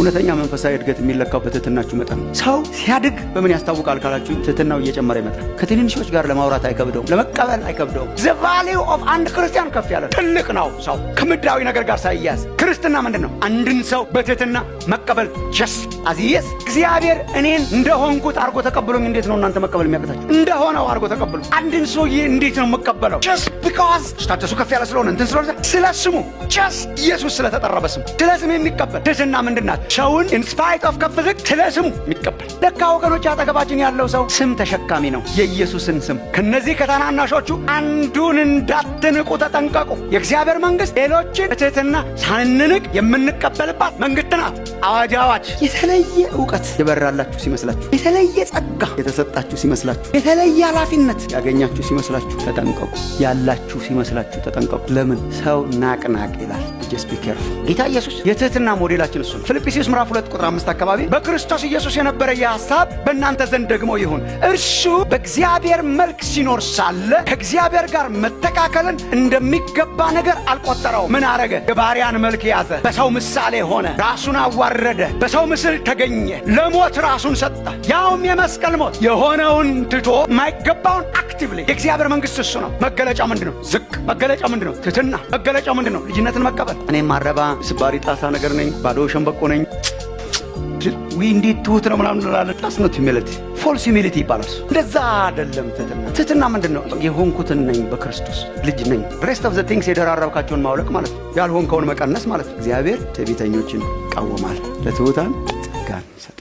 እውነተኛ መንፈሳዊ እድገት የሚለካው በትህትናችሁ መጠን ነው። ሰው ሲያድግ በምን ያስታውቃል ካላችሁ ትህትናው እየጨመረ ይመጣል። ከትንንሾች ጋር ለማውራት አይከብደውም፣ ለመቀበል አይከብደውም። ዘ ቫሊው ኦፍ አንድ ክርስቲያን ከፍ ያለ ትልቅ ነው። ሰው ከምድራዊ ነገር ጋር ሳይያዝ ክርስትና ምንድን ነው? አንድን ሰው በትህትና መቀበል ጀስ አዚየስ እግዚአብሔር እኔን እንደሆንኩት አድርጎ ተቀብሎኝ እንዴት ነው እናንተ መቀበል የሚያቅታችሁ? እንደሆነው አድርጎ ተቀብሎ አንድን ሰውዬ እንዴት ነው መቀበለው? ጀስ ቢካዝ ስታተሱ ከፍ ያለ ስለሆነ እንትን ስለሆነ ስለ ስሙ ጀስት ኢየሱስ ስለተጠረበ ስሙ ስለ ስም የሚቀበል ትህትና ምንድናት? ሰውን ኢንስፓይት ኦፍ ከፍ ዝቅ ስለ ስሙ የሚቀበል ለካ ወገኖች፣ አጠገባችን ያለው ሰው ስም ተሸካሚ ነው። የኢየሱስን ስም ከነዚህ ከታናናሾቹ አንዱን እንዳትንቁ ተጠንቀቁ። የእግዚአብሔር መንግስት ሌሎችን ትህትና ሳንንቅ የምንቀበልባት መንግስት ናት። አዋጅ አዋጅ የተለየ እውቀት የበራላችሁ ሲመስላችሁ፣ የተለየ ጸጋ የተሰጣችሁ ሲመስላችሁ፣ የተለየ ኃላፊነት ያገኛችሁ ሲመስላችሁ ተጠንቀቁ። ያላችሁ ሲመስላችሁ ተጠንቀቁ። ለምን ሰው ናቅናቅ ይላል። ጀስት ቢ ጌታ ኢየሱስ የትህትና ሞዴላችን እሱ ነው። ፊልጵስዩስ ምዕራፍ 2 ቁጥር 5 አካባቢ በክርስቶስ ኢየሱስ የነበረ ሀሳብ በእናንተ ዘንድ ደግሞ ይሁን፣ እርሱ በእግዚአብሔር መልክ ሲኖር ሳለ ከእግዚአብሔር ጋር መተካከልን እንደሚገባ ነገር አልቆጠረውም። ምን አረገ? የባሪያን መልክ ያዘ። በሰው ምሳሌ ሆነ፣ ራሱን አዋረደ፣ በሰው ምስል ተገኘ፣ ለሞት ራሱን ሰጠ፣ ያውም የመስቀል ሞት። የሆነውን ትቶ የማይገባውን አክቲቭሊ የእግዚአብሔር መንግስት እሱ ነው። መገለጫው ምንድን ነው? ዝቅ መገለጫው ምንድን ነው? ትህትና መገለጫው ምንድን ነው? ልጅነትን መቀበል። እኔም አረባ ስባሪ ጣሳ ነገር ነኝ፣ ባዶ ሸንበቆ ነኝ ዊ እንዴት ትሁት ነው ምናምን እንላለን። ጣስ ነው ሂሚሊቲ ፎልስ ሂሚሊቲ ይባላል። እንደዛ አይደለም ትህትና። ትህትና ምንድን ነው? የሆንኩትን ነኝ፣ በክርስቶስ ልጅ ነኝ። ሬስት ኦፍ ዘ ቲንግስ የደራረብካቸውን ማውለቅ ማለት ነው፣ ያልሆንከውን መቀነስ ማለት ነው። እግዚአብሔር ትዕቢተኞችን ይቃወማል፣ ለትሑታን ጸጋን